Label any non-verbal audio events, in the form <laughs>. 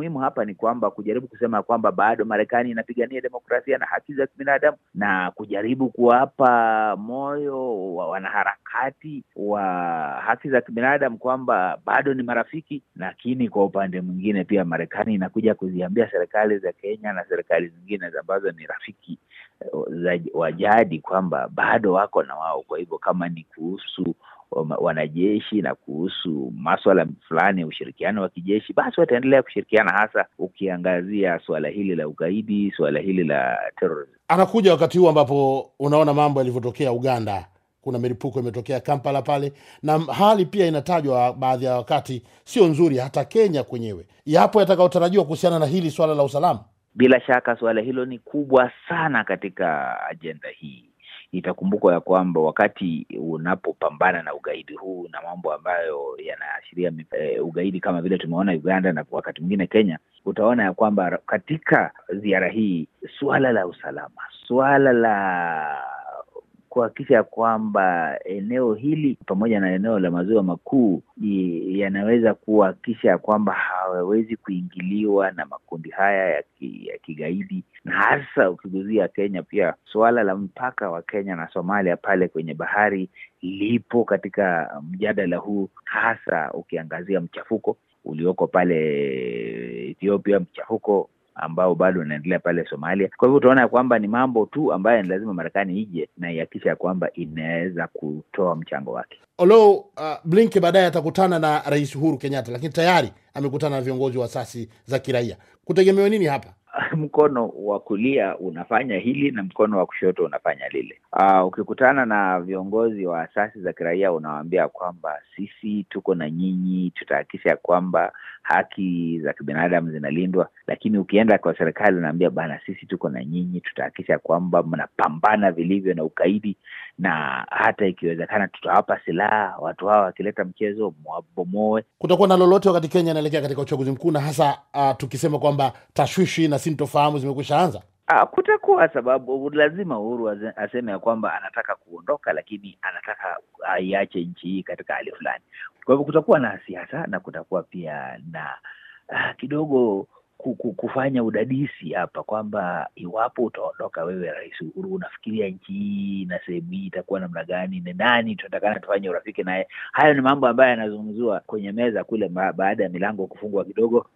muhimu hapa ni kwamba kujaribu kusema kwamba bado Marekani inapigania demokrasia na haki za kibinadamu na kujaribu kuwapa moyo wa wanaharakati wa haki za kibinadamu kwamba bado ni marafiki, lakini kwa upande mwingine pia Marekani inakuja kuziambia serikali za Kenya na serikali zingine ambazo ni rafiki eh, za wajadi kwamba bado wako na wao. Kwa hivyo kama ni kuhusu wanajeshi na kuhusu maswala fulani ya ushirikiano wa kijeshi, basi wataendelea kushirikiana, hasa ukiangazia swala hili la ugaidi, swala hili la terrorism. Anakuja wakati huu ambapo unaona mambo yalivyotokea Uganda, kuna milipuko imetokea Kampala pale, na hali pia inatajwa baadhi ya wakati sio nzuri, hata Kenya kwenyewe. Yapo yatakayotarajiwa kuhusiana na hili swala la usalama. Bila shaka suala hilo ni kubwa sana katika ajenda hii Itakumbukwa ya kwamba wakati unapopambana na ugaidi huu na mambo ambayo yanaashiria e, ugaidi kama vile tumeona Uganda na wakati mwingine Kenya, utaona ya kwamba katika ziara hii suala la usalama, suala la kuhakikisha kwamba eneo hili pamoja na eneo la maziwa makuu yanaweza kuhakikisha kwamba hawawezi kuingiliwa na makundi haya ya, ki, ya kigaidi, na hasa ukiguzia Kenya, pia suala la mpaka wa Kenya na Somalia pale kwenye bahari lipo katika mjadala huu, hasa ukiangazia mchafuko ulioko pale Ethiopia, mchafuko ambao bado unaendelea pale Somalia. Kwa hivyo utaona kwamba ni mambo tu ambayo ni lazima Marekani ije na ihakikisha kwamba inaweza kutoa mchango wake. Olo uh, Blinken baadaye atakutana na Rais Uhuru Kenyatta, lakini tayari amekutana na viongozi wa asasi za kiraia. Kutegemewa nini hapa? <laughs> mkono wa kulia unafanya hili na mkono wa kushoto unafanya lile. Aa, ah, ukikutana na viongozi wa asasi za kiraia unawaambia kwamba sisi tuko na nyinyi, tutahakikisha kwamba haki za kibinadamu zinalindwa. Lakini ukienda kwa serikali unaambia bana, sisi tuko na nyinyi, tutahakikisha kwamba mnapambana vilivyo na ukaidi na hata ikiwezekana tutawapa silaha watu hawa, wakileta mchezo mwabomoe. Kutakuwa na lolote wakati Kenya inaelekea katika uchaguzi mkuu, na hasa uh, tukisema kwamba tashwishi na sintofahamu zimekwisha anza ah, kutakuwa sababu lazima Uhuru aseme ya kwamba anataka kuondoka, lakini anataka aiache nchi hii katika hali fulani. Kwa hivyo kutakuwa na siasa na kutakuwa pia na uh, kidogo kufanya udadisi hapa kwamba iwapo utaondoka wewe Rais Uhuru, unafikiria nchi hii na sehemu hii itakuwa namna gani? Ni nani tunatakana tufanye urafiki naye? Hayo ni mambo ambayo yanazungumziwa kwenye meza kule, baada ya milango kufungwa kidogo